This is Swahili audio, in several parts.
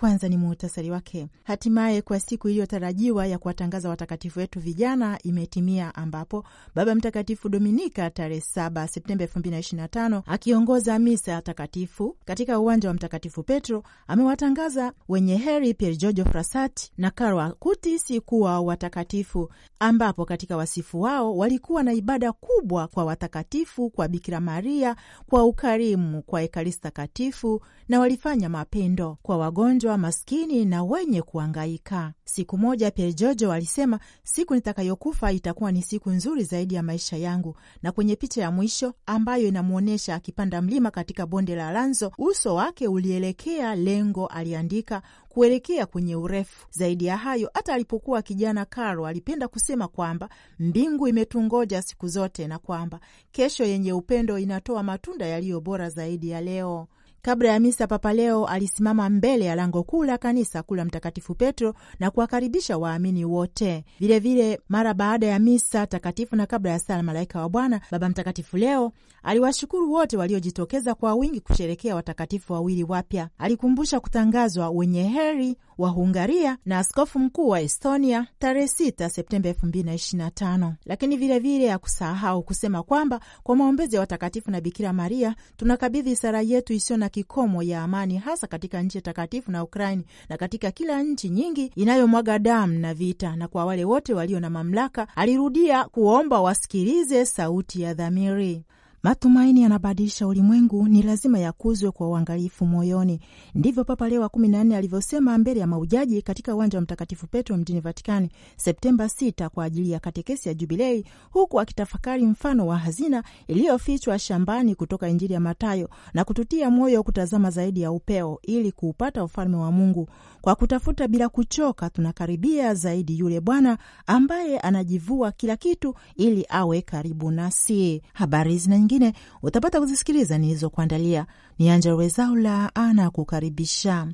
kwanza ni muhtasari wake. Hatimaye, kwa siku iliyotarajiwa ya kuwatangaza watakatifu wetu vijana imetimia, ambapo Baba Mtakatifu Dominika tarehe 7 Septemba 2025 akiongoza misa ya takatifu katika uwanja wa Mtakatifu Petro amewatangaza wenye heri Pier Giorgio Frassati na Carlo Acutis kuwa watakatifu, ambapo katika wasifu wao walikuwa na ibada kubwa kwa watakatifu, kwa Bikira Maria, kwa ukarimu, kwa Ekaristi Takatifu na walifanya mapendo kwa wagonjwa kuwatoa maskini na wenye kuangaika. Siku moja Pier Giorgio alisema, siku nitakayokufa itakuwa ni siku nzuri zaidi ya maisha yangu, na kwenye picha ya mwisho ambayo inamwonyesha akipanda mlima katika bonde la Lanzo, uso wake ulielekea lengo, aliandika kuelekea kwenye urefu. Zaidi ya hayo, hata alipokuwa kijana Carlo alipenda kusema kwamba mbingu imetungoja siku zote na kwamba kesho yenye upendo inatoa matunda yaliyo bora zaidi ya leo. Kabla ya misa, Papa Leo alisimama mbele ya lango kuu la kanisa kuu la Mtakatifu Petro na kuwakaribisha waamini wote. Vilevile, mara baada ya misa takatifu na kabla ya sala Malaika wa Bwana, Baba Mtakatifu Leo aliwashukuru wote waliojitokeza kwa wingi kusherekea watakatifu wawili wapya. Alikumbusha kutangazwa wenye heri wa Hungaria na askofu mkuu wa Estonia tarehe 6 Septemba 2025. Lakini vilevile hakusahau kusema kwamba kwa maombezi ya watakatifu na Bikira Maria tunakabidhi sara yetu isiyo na kikomo ya amani, hasa katika nchi takatifu na Ukraini na katika kila nchi nyingi inayomwaga damu na vita, na kwa wale wote walio na mamlaka, alirudia kuomba wasikilize sauti ya dhamiri. Matumaini yanabadilisha ulimwengu, ni lazima yakuzwe kwa uangalifu moyoni. Ndivyo Papa Leo wa kumi na nne alivyosema mbele ya maujaji katika uwanja wa Mtakatifu Petro mjini Vatikani Septemba 6 kwa ajili ya katekesi ya Jubilei, huku akitafakari mfano wa hazina iliyofichwa shambani kutoka Injili ya Matayo na kututia moyo kutazama zaidi ya upeo ili kuupata ufalme wa Mungu. Kwa kutafuta bila kuchoka, tunakaribia zaidi yule Bwana ambaye anajivua kila kitu ili awe karibu nasi. Habari zina nyingine utapata kuzisikiliza nilizokuandalia. Ni Anja Wezaula ana kukaribisha.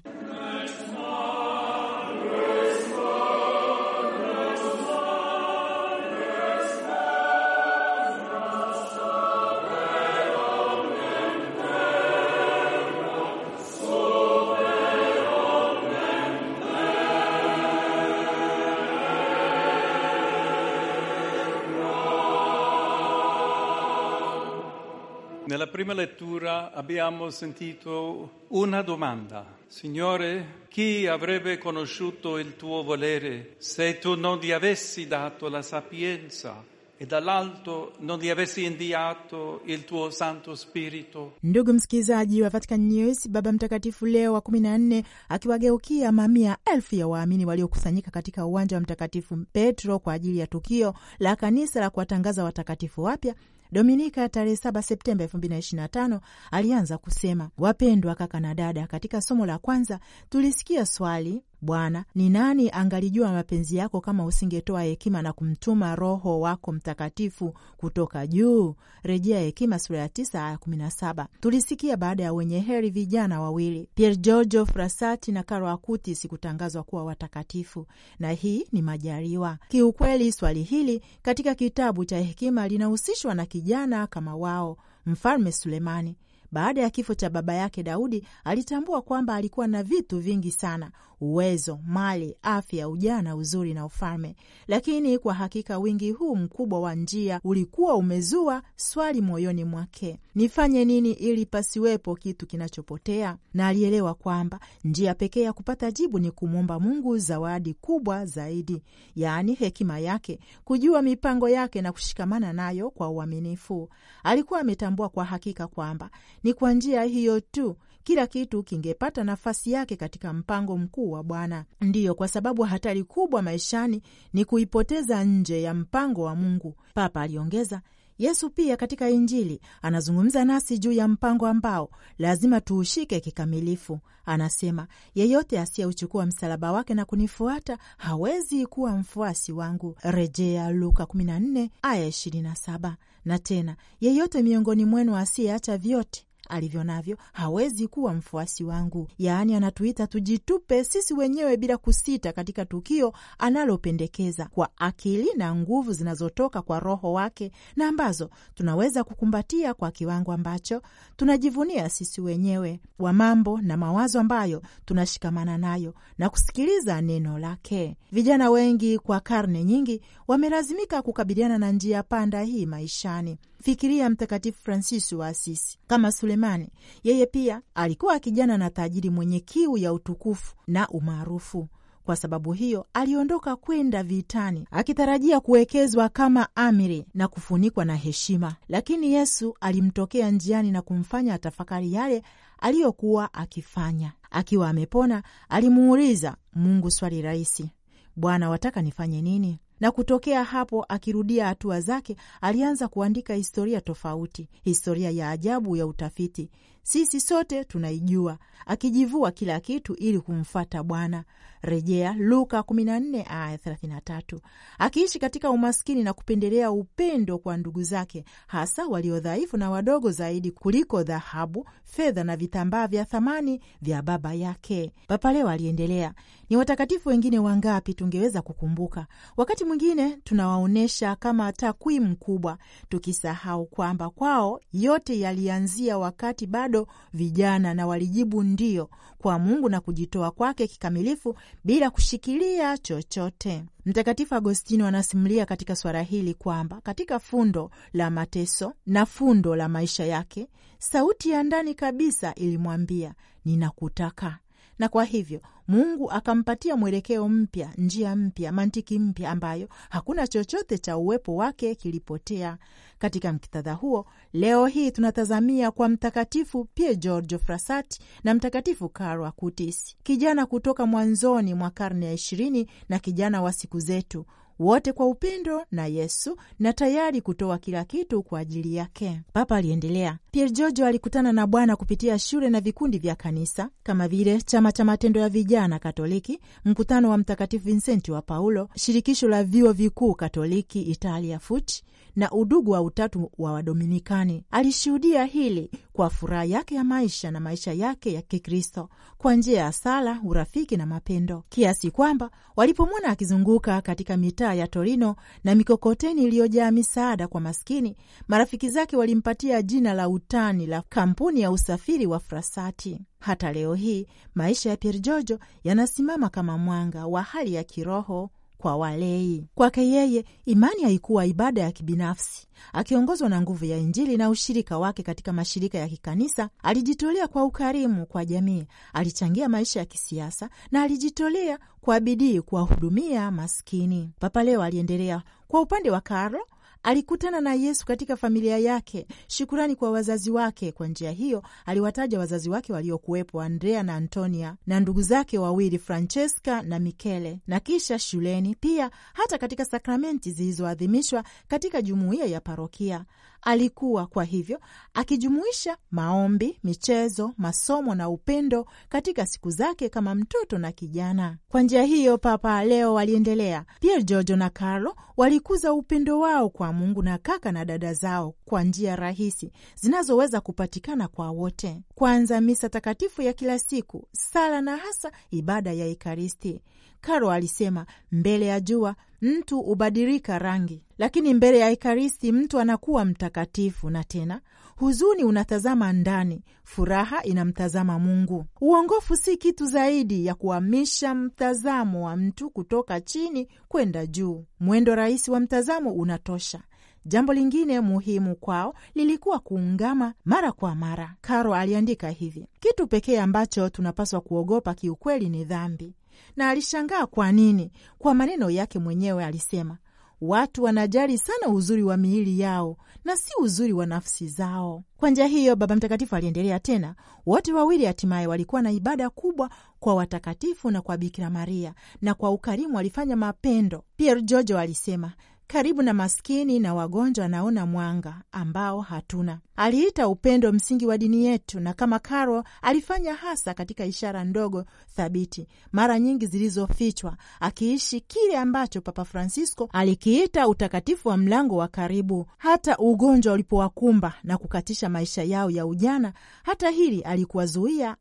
prima lettura abbiamo sentito una domanda. Signore, chi avrebbe conosciuto il tuo volere se tu non gli avessi dato la sapienza e dall'alto non gli avessi inviato il tuo Santo Spirito. Ndugu msikilizaji wa Vatican News, Baba Mtakatifu Leo wa 14 akiwageukia mamia elfu ya waamini waliokusanyika katika uwanja wa Mtakatifu Petro kwa ajili ya tukio la kanisa la kuwatangaza watakatifu wapya Dominika tarehe 7 Septemba 2025 alianza kusema: wapendwa kaka na dada, katika somo la kwanza tulisikia swali Bwana, ni nani angalijua mapenzi yako kama usingetoa hekima na kumtuma Roho wako Mtakatifu kutoka juu? Rejea Hekima sura ya tisa aya kumi na saba. Tulisikia baada ya wenye heri vijana wawili Pier Giorgio Frassati na Carlo Acutis kutangazwa kuwa watakatifu, na hii ni majaliwa. Kiukweli, swali hili katika kitabu cha Hekima linahusishwa na kijana kama wao, Mfalme Sulemani. Baada ya kifo cha baba yake Daudi, alitambua kwamba alikuwa na vitu vingi sana, uwezo, mali, afya, ujana, uzuri na ufalme. Lakini kwa hakika wingi huu mkubwa wa njia ulikuwa umezua swali moyoni mwake, nifanye nini ili pasiwepo kitu kinachopotea? Na alielewa kwamba njia pekee ya kupata jibu ni kumwomba Mungu zawadi kubwa zaidi, yaani hekima yake, kujua mipango yake na kushikamana nayo kwa uaminifu. Alikuwa ametambua kwa hakika kwamba ni kwa njia hiyo tu kila kitu kingepata nafasi yake katika mpango mkuu wa Bwana. Ndiyo, kwa sababu hatari kubwa maishani ni kuipoteza nje ya mpango wa Mungu, Papa aliongeza. Yesu pia katika Injili anazungumza nasi juu ya mpango ambao lazima tuushike kikamilifu. Anasema, yeyote asiyeuchukua msalaba wake na kunifuata hawezi kuwa mfuasi wangu, rejea Luka 14 aya 27. Na tena, yeyote miongoni mwenu asiyeacha vyote alivyo navyo hawezi kuwa mfuasi wangu. Yaani anatuita tujitupe sisi wenyewe bila kusita katika tukio analopendekeza kwa akili na nguvu zinazotoka kwa Roho wake na ambazo tunaweza kukumbatia kwa kiwango ambacho tunajivunia sisi wenyewe wa mambo na mawazo ambayo tunashikamana nayo na kusikiliza neno lake. Vijana wengi kwa karne nyingi wamelazimika kukabiliana na njia panda hii maishani Fikiria Mtakatifu Francisu wa Asisi. Kama Sulemani, yeye pia alikuwa kijana na tajiri mwenye kiu ya utukufu na umaarufu. Kwa sababu hiyo aliondoka kwenda vitani akitarajia kuwekezwa kama amiri na kufunikwa na heshima, lakini Yesu alimtokea njiani na kumfanya atafakari yale aliyokuwa akifanya. Akiwa amepona, alimuuliza Mungu swali rahisi, Bwana, wataka nifanye nini? na kutokea hapo akirudia hatua zake, alianza kuandika historia tofauti, historia ya ajabu ya utafiti. Sisi sote tunaijua, akijivua kila kitu ili kumfata Bwana, rejea Luka 14 aya 33. Akiishi katika umaskini na kupendelea upendo kwa ndugu zake, hasa walio dhaifu na wadogo zaidi kuliko dhahabu, fedha na vitambaa vya thamani vya baba yake. Papa Leo aliendelea, ni watakatifu wengine wangapi tungeweza kukumbuka? Wakati mwingine tunawaonyesha kama takwimu kubwa, tukisahau kwamba kwao yote yalianzia wakati bado vijana, na walijibu ndio kwa Mungu na kujitoa kwake kikamilifu bila kushikilia chochote. Mtakatifu Agostino anasimulia katika swala hili kwamba katika fundo la mateso na fundo la maisha yake, sauti ya ndani kabisa ilimwambia ninakutaka na kwa hivyo Mungu akampatia mwelekeo mpya, njia mpya, mantiki mpya ambayo hakuna chochote cha uwepo wake kilipotea. Katika mktadha huo, leo hii tunatazamia kwa Mtakatifu Pier Giorgio Frassati na Mtakatifu Karl Acutis, kijana kutoka mwanzoni mwa karne ya ishirini na kijana wa siku zetu wote kwa upendo na Yesu na tayari kutoa kila kitu kwa ajili yake. Papa aliendelea. Pier Giorgio alikutana na Bwana kupitia shule na vikundi vya kanisa kama vile chama cha matendo ya vijana Katoliki, mkutano wa Mtakatifu Vincenti wa Paulo, shirikisho la vyuo vikuu Katoliki Italia FUCI, na udugu wa utatu wa Wadominikani. Alishuhudia hili kwa furaha yake ya maisha na maisha yake ya Kikristo kwa njia ya sala, urafiki na mapendo, kiasi kwamba walipomwona akizunguka katika mitaa ya Torino na mikokoteni iliyojaa misaada kwa maskini, marafiki zake walimpatia jina la utani la kampuni ya usafiri wa Frasati. Hata leo hii maisha ya Piergiorgio yanasimama kama mwanga wa hali ya kiroho kwa walei. Kwake yeye imani haikuwa ibada ya kibinafsi. Akiongozwa na nguvu ya Injili na ushirika wake katika mashirika ya kikanisa, alijitolea kwa ukarimu kwa jamii, alichangia maisha ya kisiasa na alijitolea kwa bidii kuwahudumia maskini. Papa Leo aliendelea kwa upande wa Carlo Alikutana na Yesu katika familia yake, shukurani kwa wazazi wake. Kwa njia hiyo aliwataja wazazi wake waliokuwepo, Andrea na Antonia, na ndugu zake wawili Francesca na Mikele, na kisha shuleni, pia hata katika sakramenti zilizoadhimishwa katika jumuiya ya parokia. Alikuwa kwa hivyo akijumuisha maombi, michezo, masomo na upendo katika siku zake kama mtoto na kijana. Kwa njia hiyo, Papa Leo waliendelea. Pier Giorgio na Carlo walikuza upendo wao kwa Mungu na kaka na dada zao kwa njia rahisi zinazoweza kupatikana kwa wote: kwanza, misa takatifu ya kila siku, sala na hasa ibada ya Ekaristi. Karo alisema mbele ya jua mtu hubadilika rangi, lakini mbele ya Ekaristi mtu anakuwa mtakatifu. Na tena huzuni unatazama ndani, furaha inamtazama Mungu. Uongofu si kitu zaidi ya kuhamisha mtazamo wa mtu kutoka chini kwenda juu. Mwendo rahisi wa mtazamo unatosha. Jambo lingine muhimu kwao lilikuwa kuungama mara kwa mara. Karo aliandika hivi: kitu pekee ambacho tunapaswa kuogopa kiukweli ni dhambi na alishangaa kwa nini. Kwa maneno yake mwenyewe alisema, watu wanajali sana uzuri wa miili yao na si uzuri wa nafsi zao. Kwa njia hiyo, Baba Mtakatifu aliendelea tena. Wote wawili hatimaye walikuwa na ibada kubwa kwa watakatifu na kwa Bikira Maria, na kwa ukarimu walifanya mapendo. Pier Giorgio alisema karibu na maskini na wagonjwa anaona mwanga ambao hatuna. Aliita upendo msingi wa dini yetu, na kama Caro alifanya hasa katika ishara ndogo thabiti, mara nyingi zilizofichwa, akiishi kile ambacho Papa Francisco alikiita utakatifu wa mlango wa karibu. Hata ugonjwa ulipowakumba na kukatisha maisha yao ya ujana, hata hili alikuwazuia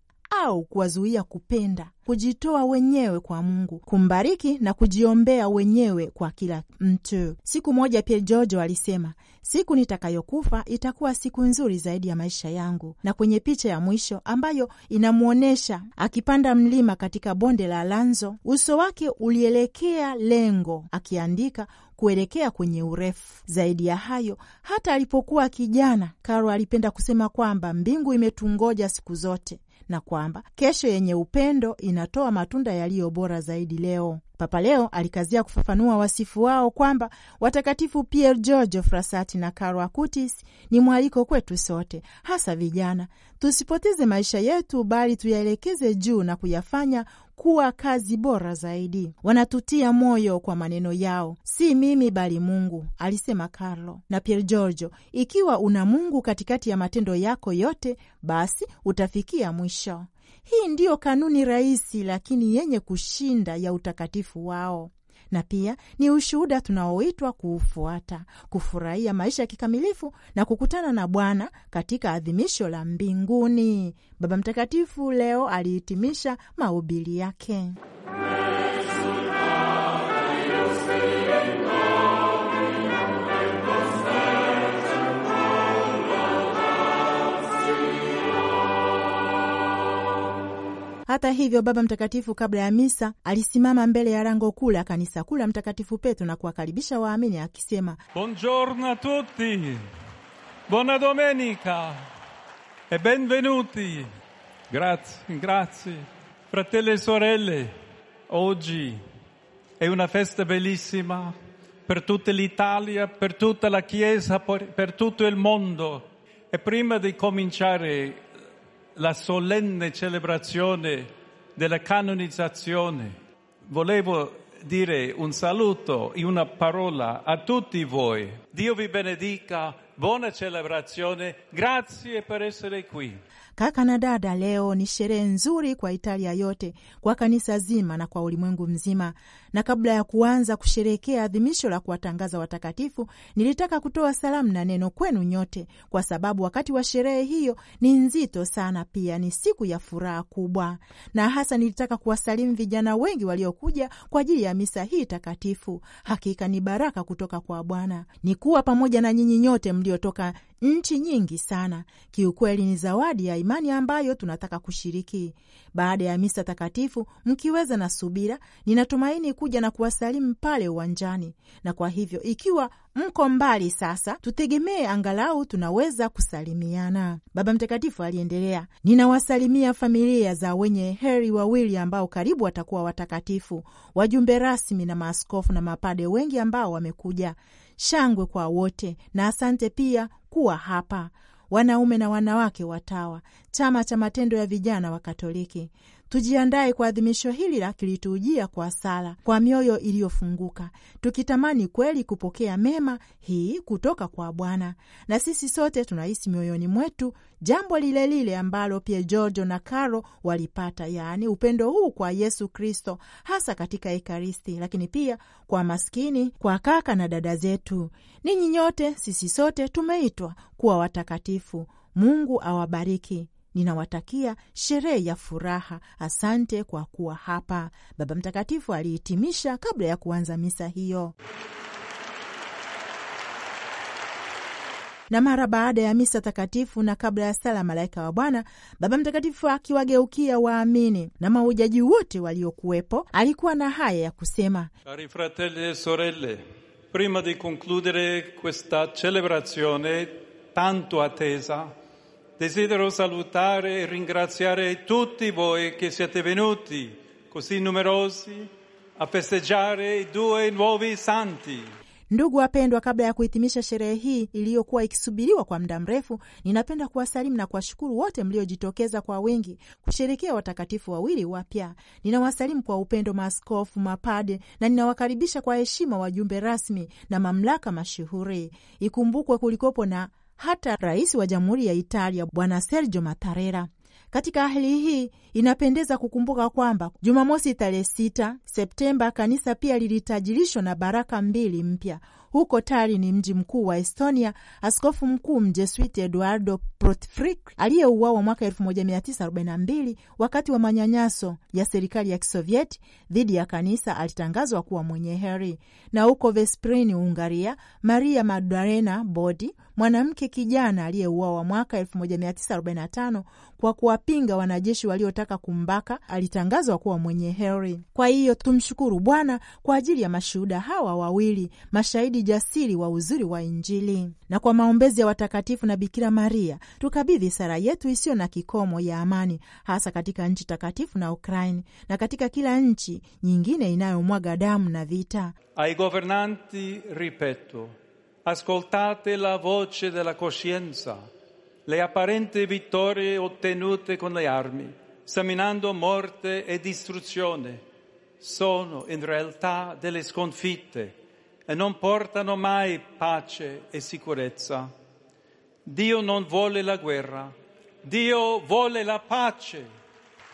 au kuwazuia kupenda, kujitoa wenyewe kwa Mungu, kumbariki na kujiombea wenyewe kwa kila mtu. Siku moja Pier Giorgio alisema, siku nitakayokufa itakuwa siku nzuri zaidi ya maisha yangu. Na kwenye picha ya mwisho ambayo inamwonyesha akipanda mlima katika bonde la Lanzo, uso wake ulielekea lengo, akiandika kuelekea kwenye urefu. Zaidi ya hayo, hata alipokuwa kijana, karo alipenda kusema kwamba mbingu imetungoja siku zote na kwamba kesho yenye upendo inatoa matunda yaliyo bora zaidi leo. Papa leo alikazia kufafanua wasifu wao kwamba watakatifu Pier Giorgio Frassati na Carlo Acutis ni mwaliko kwetu sote, hasa vijana, tusipoteze maisha yetu, bali tuyaelekeze juu na kuyafanya kuwa kazi bora zaidi. Wanatutia moyo kwa maneno yao, si mimi bali Mungu, alisema Carlo na Pier Giorgio. Ikiwa una Mungu katikati ya matendo yako yote, basi utafikia mwisho. Hii ndiyo kanuni rahisi lakini yenye kushinda ya utakatifu wao na pia ni ushuhuda tunaoitwa kuufuata, kufurahia maisha ya kikamilifu na kukutana na Bwana katika adhimisho la mbinguni. Baba Mtakatifu leo alihitimisha mahubiri yake. Hata hivyo, Baba Mtakatifu kabla ya misa alisimama mbele ya lango kuu la kanisa kuu la Mtakatifu Petro na kuwakaribisha waamini akisema, buongiorno a tutti buona domenica e benvenuti grazie grazie fratelli e sorelle oggi è una festa bellissima per tutta l'Italia, per tutta la Chiesa, per tutto il mondo. E prima di cominciare la solenne celebrazione della canonizzazione. Volevo dire un saluto e una parola a tutti voi Dio vi benedica, buona celebrazione, grazie per essere qui. Kaka na dada, leo ni sherehe nzuri kwa Italia yote, kwa kanisa zima na kwa ulimwengu mzima. Na kabla ya kuanza kusherehekea adhimisho la kuwatangaza watakatifu, nilitaka kutoa salamu na neno kwenu nyote, kwa sababu wakati wa sherehe hiyo ni nzito sana, pia ni siku ya furaha kubwa, na hasa nilitaka kuwasalimu vijana wengi waliokuja kwa ajili ya misa hii takatifu. Hakika ni baraka kutoka kwa Bwana. Ni kuwa pamoja na nyinyi nyote mliotoka nchi nyingi sana. Kiukweli ni zawadi ya imani ambayo tunataka kushiriki. Baada ya misa takatifu, mkiweza na subira, ninatumaini kuja na kuwasalimu pale uwanjani. Na kwa hivyo, ikiwa mko mbali sasa, tutegemee angalau tunaweza kusalimiana. Baba Mtakatifu aliendelea, ninawasalimia familia za wenye heri wawili ambao karibu watakuwa watakatifu, wajumbe rasmi na maaskofu na mapade wengi ambao wamekuja Shangwe kwa wote na asante pia kuwa hapa, wanaume na wanawake watawa, chama cha matendo ya vijana wa Katoliki tujiandaye kwa adhimisho hili la kiliturujia kwa sala, kwa mioyo iliyofunguka, tukitamani kweli kupokea mema hii kutoka kwa Bwana. Na sisi sote tunahisi mioyoni mwetu jambo lile lile ambalo pie Giorgio na karo walipata, yaani upendo huu kwa Yesu Kristo, hasa katika Ekaristi, lakini pia kwa maskini, kwa kaka na dada zetu. Ninyi nyote, sisi sote tumeitwa kuwa watakatifu. Mungu awabariki. Ninawatakia sherehe ya furaha. Asante kwa kuwa hapa. Baba Mtakatifu alihitimisha kabla ya kuanza misa hiyo. na mara baada ya misa takatifu na kabla ya sala malaika wa Bwana, Baba Mtakatifu akiwageukia waamini na maujaji wote waliokuwepo, alikuwa na haya ya kusema: cari fratelli e sorelle prima di concludere questa celebrazione tanto attesa Desidero salutare e ringraziare tutti voi che siete venuti così numerosi a festeggiare i due nuovi santi. Ndugu wapendwa, kabla ya kuhitimisha sherehe hii iliyokuwa ikisubiriwa kwa muda mrefu, ninapenda kuwasalimu na kuwashukuru wote mliojitokeza kwa wingi kusherekea watakatifu wawili wapya. Ninawasalimu kwa upendo maaskofu, mapade, na ninawakaribisha kwa heshima wajumbe rasmi na mamlaka mashuhuri. Ikumbukwe kulikopo na hata rais wa jamhuri ya Italia Bwana Sergio Mattarella. Katika hali hii Inapendeza kukumbuka kwamba Jumamosi tarehe 6 Septemba kanisa pia lilitajirishwa na baraka mbili mpya huko tari ni mji mkuu wa Estonia. Askofu mkuu mjesuiti Eduardo Protfrik aliyeuawa mwaka 1942 wakati wa manyanyaso ya serikali ya kisovieti dhidi ya kanisa alitangazwa kuwa mwenye heri. Na huko Vesprini, Ungaria, Maria Magdalena Bodi, mwanamke kijana aliyeuawa mwaka 1945 kwa kuwapinga wanajeshi waliotaka kutaka kumbaka alitangazwa kuwa mwenye heri. Kwa hiyo tumshukuru Bwana kwa ajili ya mashuhuda hawa wawili, mashahidi jasiri wa uzuri wa Injili, na kwa maombezi ya watakatifu na Bikira Maria tukabidhi sara yetu isiyo na kikomo ya amani, hasa katika nchi takatifu na Ukraini na katika kila nchi nyingine inayomwaga damu na vita. Ai governanti ripeto, ascoltate la voce della coscienza le apparenti vittorie ottenute con le armi seminando morte e distruzione, sono in realtà delle sconfitte e non portano mai pace e sicurezza. Dio non vuole la guerra, Dio vuole la pace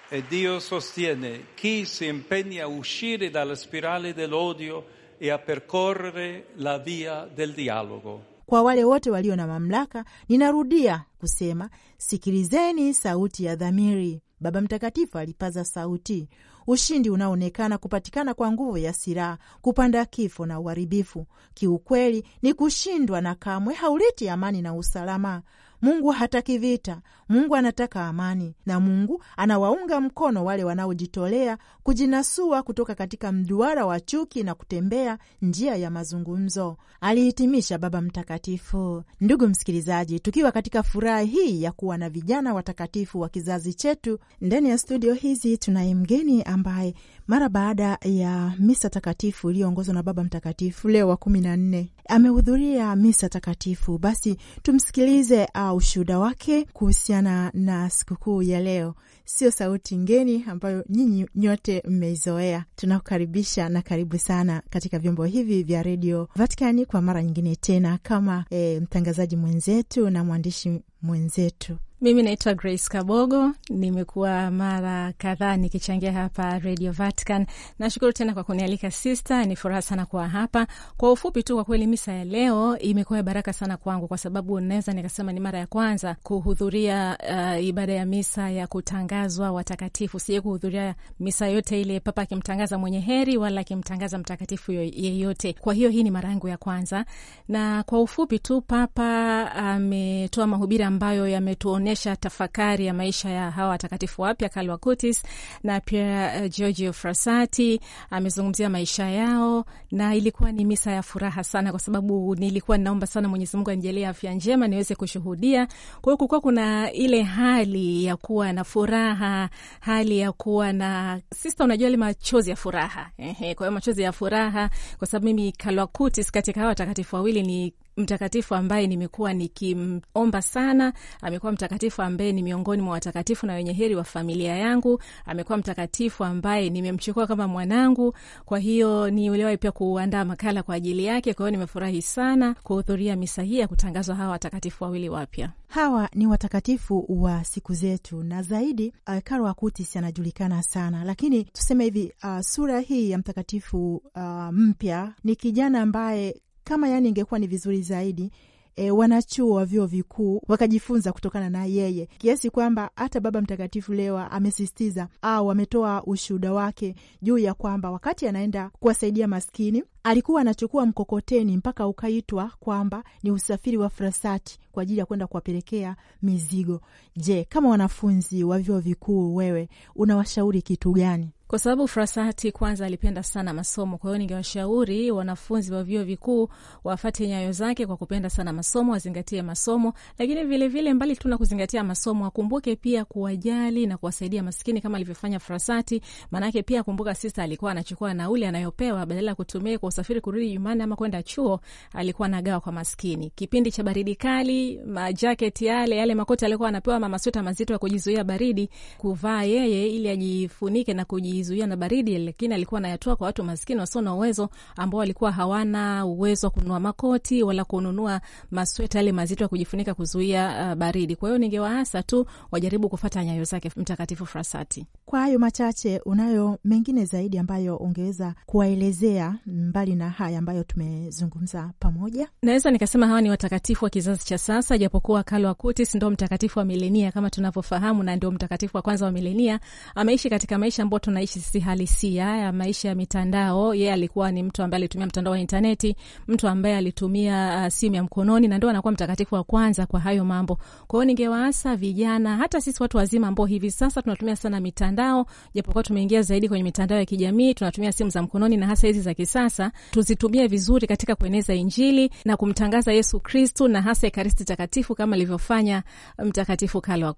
e Dio sostiene chi si impegna a uscire dalla spirale dell'odio e a percorrere la via del dialogo. Kwa wale wote walio na mamlaka, ninarudia kusema, sikilizeni sauti ya dhamiri. Baba Mtakatifu alipaza sauti, ushindi unaoonekana kupatikana kwa nguvu ya silaha, kupanda kifo na uharibifu, kiukweli ni kushindwa na kamwe hauleti amani na usalama, Mungu hataki vita, Mungu anataka amani, na Mungu anawaunga mkono wale wanaojitolea kujinasua kutoka katika mduara wa chuki na kutembea njia ya mazungumzo, alihitimisha Baba Mtakatifu. Ndugu msikilizaji, tukiwa katika furaha hii ya kuwa na vijana watakatifu wa kizazi chetu ndani ya studio hizi, tunaye mgeni ambaye mara baada ya misa takatifu iliyoongozwa na Baba Mtakatifu Leo wa kumi na nne amehudhuria misa takatifu. Basi tumsikilize uh, ushuhuda wake kuhusiana na sikukuu ya leo. Sio sauti ngeni ambayo nyinyi nyote mmeizoea. Tunakukaribisha na karibu sana katika vyombo hivi vya redio vaticani kwa mara nyingine tena, kama e, mtangazaji mwenzetu na mwandishi mwenzetu mimi naitwa Grace Kabogo, nimekuwa mara kadhaa nikichangia hapa Radio Vatican. Nashukuru tena kwa kunialika sista, ni furaha sana kuwa hapa. Kwa ufupi tu, kwa kweli misa ya leo imekuwa ya baraka sana kwangu, kwa sababu naweza nikasema ni mara ya kwanza kuhudhuria uh, ibada ya misa ya kutangazwa watakatifu. Sije kuhudhuria misa yote ile Papa akimtangaza mwenye heri wala akimtangaza mtakatifu yeyote. Kwa hiyo hii ni mara yangu ya kwanza, na kwa ufupi tu Papa ametoa mahubiri ambayo yametuonea inaonyesha tafakari ya maisha ya hawa watakatifu wapya Karl Acutis na pia uh, Giorgio Frassati amezungumzia maisha yao, na ilikuwa ni misa ya furaha sana, kwa sababu nilikuwa ninaomba sana Mwenyezi Mungu anijalie afya njema niweze kushuhudia. Kwa hiyo kulikuwa kuna ile hali ya kuwa na furaha, hali ya kuwa na sista, unajua ile machozi ya furaha, ehe, kwa hiyo machozi ya furaha, kwa sababu mimi Karl Acutis katika hawa watakatifu wawili ni mtakatifu ambaye nimekuwa nikimomba sana. Amekuwa mtakatifu ambaye ni miongoni mwa watakatifu na wenye heri wa familia yangu. Amekuwa mtakatifu ambaye nimemchukua kama mwanangu, kwa hiyo niliwahi pia kuandaa makala kwa ajili yake. Kwa hiyo nimefurahi sana kuhudhuria misa hii ya kutangazwa hawa watakatifu wawili wapya. Hawa ni watakatifu wa siku zetu na zaidi uh, Carlo Acutis anajulikana sana, lakini tuseme hivi uh, sura hii ya mtakatifu uh, mpya ni kijana ambaye kama yani ingekuwa ni vizuri zaidi E, wanachuo wa vyuo vikuu wakajifunza kutokana na yeye kiasi kwamba hata Baba Mtakatifu leo amesisitiza au ametoa ushuhuda wake juu ya kwamba wakati anaenda kuwasaidia maskini alikuwa anachukua mkokoteni mpaka ukaitwa kwamba ni usafiri wa frasati kwa ajili ya kwenda kuwapelekea mizigo. Je, kama wanafunzi wa vyuo vikuu, wewe unawashauri kitu gani? kwa sababu Frasati kwanza alipenda sana masomo. Kwa hiyo ningewashauri wanafunzi wa vyuo vikuu wafate nyayo zake kwa kupenda sana masomo, wazingatie masomo, lakini vilevile vile mbali tu na kuzingatia masomo, akumbuke pia kuwajali na kuwasaidia maskini kama alivyofanya Frasati. Maanake pia kumbuka, sista alikuwa anachukua nauli anayopewa, badala ya kutumia kwa usafiri kurudi nyumbani ama kwenda chuo, alikuwa anagawa kwa maskini. Kipindi cha baridi kali, majaketi yale yale makoti alikuwa anapewa mama sweta mazito ya kujizuia baridi kuvaa yeye, ili ajifunike na kuji kujizuia na baridi, lakini alikuwa anayatoa kwa watu maskini wasio na uwezo, ambao walikuwa hawana uwezo wa kununua makoti wala kununua masweta yale mazito ya kujifunika kuzuia uh, baridi. Kwa hiyo ningewaasa tu wajaribu kufata nyayo zake Mtakatifu Frasati. Kwa hayo machache, unayo mengine zaidi ambayo ungeweza kuwaelezea mbali na haya ambayo tumezungumza pamoja? Naweza nikasema hawa ni watakatifu wa kizazi cha sasa, japokuwa Carlo Acutis ndo mtakatifu wa milenia kama tunavyofahamu, na ndio mtakatifu wa kwanza wa milenia. Ameishi katika maisha ambayo tunaishi si halisia ya maisha ya mitandao. Yeye alikuwa ni mtu ambaye alitumia mtandao wa intaneti, mtu ambaye alitumia uh, simu ya mkononi, na ndio anakuwa mtakatifu wa kwanza kwa hayo mambo. Kwa hiyo ningewaasa vijana, hata sisi watu wazima ambao hivi sasa tunatumia sana mitandao, japokuwa tumeingia zaidi kwenye mitandao ya kijamii, tunatumia simu za mkononi na hasa hizi za kisasa, tuzitumie vizuri katika kueneza Injili na kumtangaza Yesu Kristu na hasa Ekaristi Takatifu kama alivyofanya um, Mtakatifu Karlo wa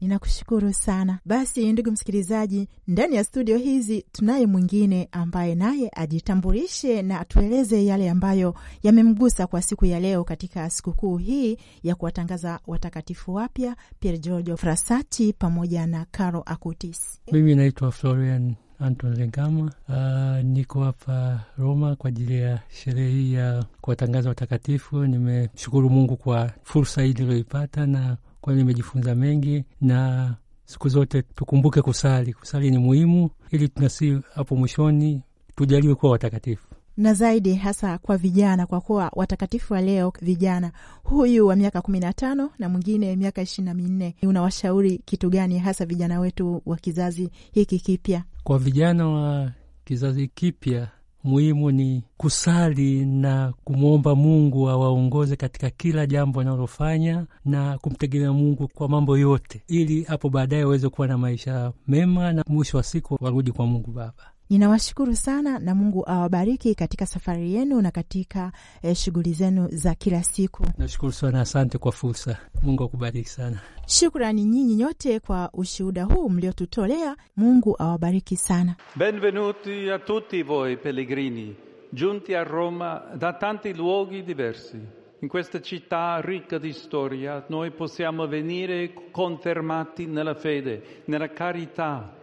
Ninakushukuru sana. Basi ndugu msikilizaji, ndani ya studio hizi tunaye mwingine ambaye naye ajitambulishe na atueleze yale ambayo yamemgusa kwa siku ya leo katika sikukuu hii ya kuwatangaza watakatifu wapya Pier Giorgio Frassati pamoja na Caro Acutis. Mimi naitwa Florian Anton Legama. Uh, ah, niko hapa Roma kwa ajili ya sherehe hii ya kuwatangaza watakatifu. Nimeshukuru Mungu kwa fursa hii niliyoipata na kwa hiyo nimejifunza mengi, na siku zote tukumbuke kusali. Kusali ni muhimu, ili tunasi hapo mwishoni tujaliwe kuwa watakatifu na zaidi hasa kwa vijana, kwa kuwa watakatifu wa leo vijana, huyu wa miaka kumi na tano na mwingine miaka ishirini na minne unawashauri kitu gani hasa vijana wetu wa kizazi hiki kipya? Kwa vijana wa kizazi kipya, muhimu ni kusali na kumwomba Mungu awaongoze katika kila jambo analofanya na kumtegemea Mungu kwa mambo yote, ili hapo baadaye waweze kuwa na maisha mema na mwisho wa siku warudi kwa Mungu Baba. Ninawashukuru sana na Mungu awabariki katika safari yenu na katika eh, shughuli zenu za kila siku. Nashukuru sana, asante kwa fursa. Mungu akubariki sana. Shukrani nyinyi nyote kwa ushuhuda huu mliotutolea. Mungu awabariki sana. Benvenuti a tutti voi pellegrini giunti a Roma da tanti luoghi diversi. In questa città ricca di storia noi possiamo venire confermati nella fede, nella carità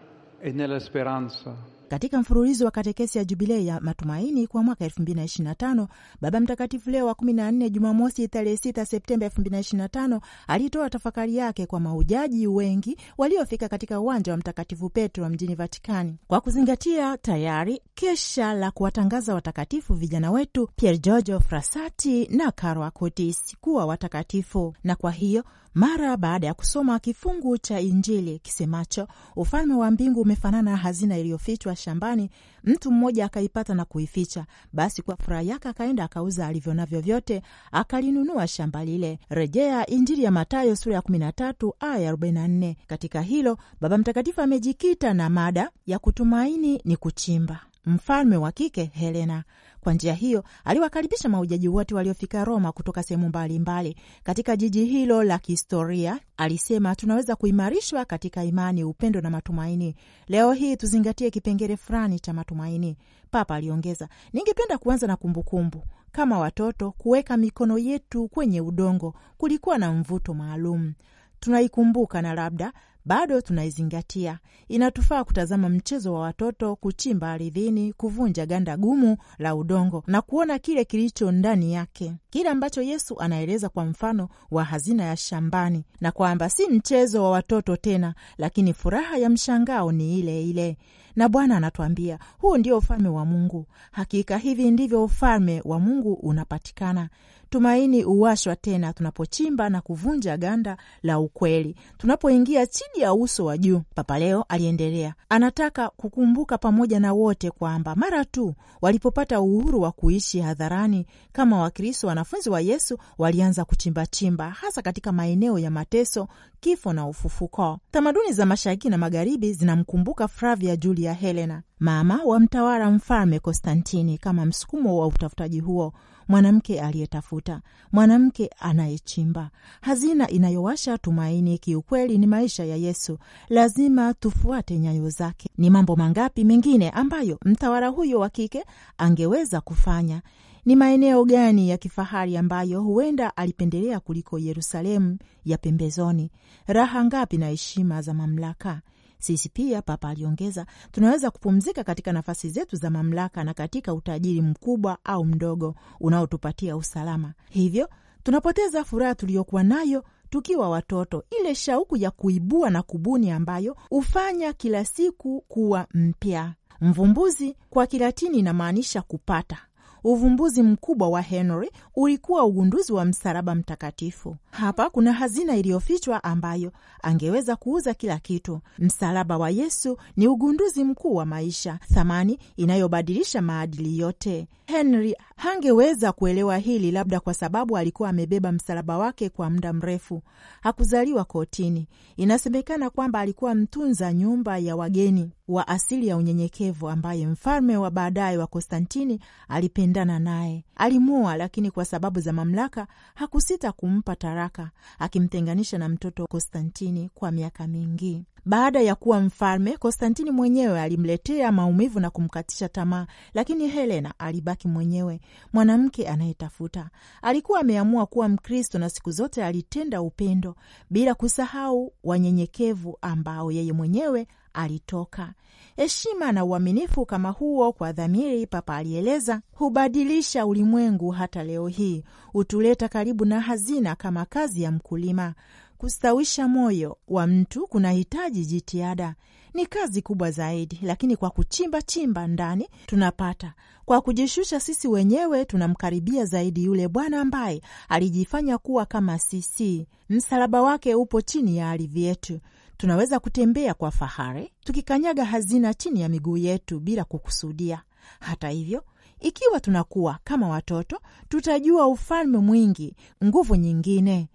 e nella speranza. Katika mfululizo wa katekesi ya Jubilei ya matumaini kwa mwaka 2025 Baba Mtakatifu Leo wa 14 Jumamosi tarehe 6 Septemba 2025 alitoa tafakari yake kwa maujaji wengi waliofika katika uwanja wa Mtakatifu Petro mjini Vatikani kwa kuzingatia tayari kesha la kuwatangaza watakatifu vijana wetu Pier Giorgio Frassati na Carlo Acutis kuwa watakatifu, na kwa hiyo mara baada ya kusoma kifungu cha Injili kisemacho ufalme wa mbingu umefanana na hazina iliyofichwa shambani, mtu mmoja akaipata na kuificha. Basi kwa furaha yake akaenda akauza alivyo navyo vyote, akalinunua shamba lile. Rejea Injili ya matayo sura ya 13 aya 44. Katika hilo Baba Mtakatifu amejikita na mada ya kutumaini ni kuchimba mfalme wa kike Helena kwa njia hiyo aliwakaribisha mahujaji wote waliofika Roma kutoka sehemu mbalimbali katika jiji hilo la kihistoria. Alisema tunaweza kuimarishwa katika imani, upendo na matumaini. Leo hii tuzingatie kipengele fulani cha matumaini, Papa aliongeza. Ningependa kuanza na kumbukumbu kumbu. Kama watoto kuweka mikono yetu kwenye udongo kulikuwa na mvuto maalum tunaikumbuka na labda bado tunaizingatia. Inatufaa kutazama mchezo wa watoto kuchimba ardhini, kuvunja ganda gumu la udongo na kuona kile kilicho ndani yake, kile ambacho Yesu anaeleza kwa mfano wa hazina ya shambani, na kwamba si mchezo wa watoto tena, lakini furaha ya mshangao ni ile ile. Na Bwana anatwambia huu ndio ufalme wa Mungu. Hakika hivi ndivyo ufalme wa Mungu unapatikana. Tumaini uwashwa tena tunapochimba na kuvunja ganda la ukweli, tunapoingia chini ya uso wa juu. Papa Leo aliendelea, anataka kukumbuka pamoja na wote kwamba mara tu walipopata uhuru wa kuishi hadharani kama Wakristo, wanafunzi wa Yesu walianza kuchimbachimba, hasa katika maeneo ya mateso, kifo na ufufuko. Tamaduni za mashariki na magharibi zinamkumbuka Flavia Julia Helena, mama wa mtawala mfalme Konstantini, kama msukumo wa utafutaji huo mwanamke aliyetafuta, mwanamke anayechimba. Hazina inayowasha tumaini kiukweli ni maisha ya Yesu. Lazima tufuate nyayo zake. Ni mambo mangapi mengine ambayo mtawala huyo wa kike angeweza kufanya? Ni maeneo gani ya kifahari ambayo huenda alipendelea kuliko Yerusalemu ya pembezoni? Raha ngapi na heshima za mamlaka? Sisi pia, Papa aliongeza, tunaweza kupumzika katika nafasi zetu za mamlaka na katika utajiri mkubwa au mdogo unaotupatia usalama. Hivyo tunapoteza furaha tuliyokuwa nayo tukiwa watoto, ile shauku ya kuibua na kubuni ambayo hufanya kila siku kuwa mpya. Mvumbuzi kwa Kilatini inamaanisha kupata, Uvumbuzi mkubwa wa Henry ulikuwa ugunduzi wa msalaba mtakatifu. Hapa kuna hazina iliyofichwa ambayo angeweza kuuza kila kitu. Msalaba wa Yesu ni ugunduzi mkuu wa maisha, thamani inayobadilisha maadili yote. Henry hangeweza kuelewa hili, labda kwa sababu alikuwa amebeba msalaba wake kwa muda mrefu. Hakuzaliwa kotini. Inasemekana kwamba alikuwa mtunza nyumba ya wageni wa asili ya unyenyekevu ambaye mfalme wa baadaye wa Konstantini alipendana naye. Alimwoa, lakini kwa sababu za mamlaka hakusita kumpa taraka, akimtenganisha na mtoto Konstantini kwa miaka mingi. Baada ya kuwa mfalme, Konstantini mwenyewe alimletea maumivu na kumkatisha tamaa, lakini Helena alibaki mwenyewe, mwanamke anayetafuta. Alikuwa ameamua kuwa Mkristo na siku zote alitenda upendo, bila kusahau wanyenyekevu ambao yeye mwenyewe alitoka. Heshima na uaminifu kama huo kwa dhamiri, Papa alieleza, hubadilisha ulimwengu hata leo hii, hutuleta karibu na hazina kama kazi ya mkulima. Kustawisha moyo wa mtu kunahitaji jitihada, ni kazi kubwa zaidi, lakini kwa kuchimba chimba ndani tunapata. Kwa kujishusha sisi wenyewe, tunamkaribia zaidi yule Bwana ambaye alijifanya kuwa kama sisi. Msalaba wake upo chini ya ardhi yetu. Tunaweza kutembea kwa fahari tukikanyaga hazina chini ya miguu yetu bila kukusudia. Hata hivyo, ikiwa tunakuwa kama watoto, tutajua ufalme mwingi, nguvu nyingine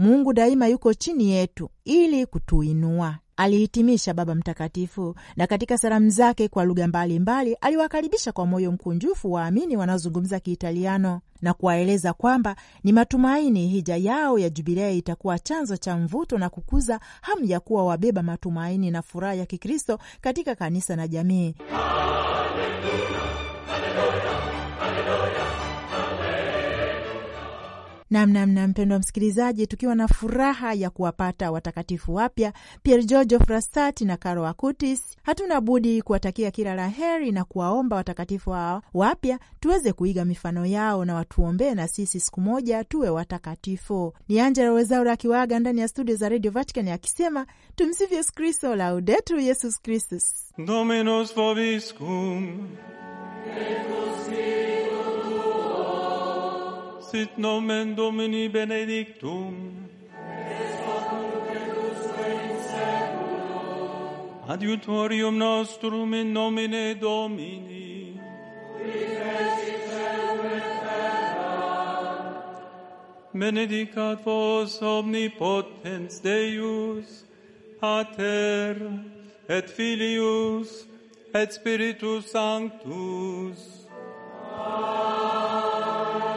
Mungu daima yuko chini yetu ili kutuinua, alihitimisha Baba Mtakatifu. Na katika salamu zake kwa lugha mbalimbali aliwakaribisha kwa moyo mkunjufu waamini wanaozungumza Kiitaliano na kuwaeleza kwamba ni matumaini hija yao ya Jubilei itakuwa chanzo cha mvuto na kukuza hamu ya kuwa wabeba matumaini na furaha ya Kikristo katika kanisa na jamii. Namnamna mpendwa msikilizaji, tukiwa na furaha ya kuwapata watakatifu wapya Pier Giorgio Frassati na Carlo Acutis, hatuna budi kuwatakia kila la heri na kuwaomba watakatifu hao wapya tuweze kuiga mifano yao na watuombee na sisi siku moja tuwe watakatifu. Ni Angela Wezaura akiwaaga ndani ya studio za Radio Vatican akisema tumsifu Yesu Kristo, laudetur Yesus Kristus. Dominus vobiscum. sit nomen Domini benedictum et es vocum et usque in adiutorium nostrum in nomine Domini qui pesit celum et benedicat vos omnipotens Deus Pater et Filius et Spiritus Sanctus Amen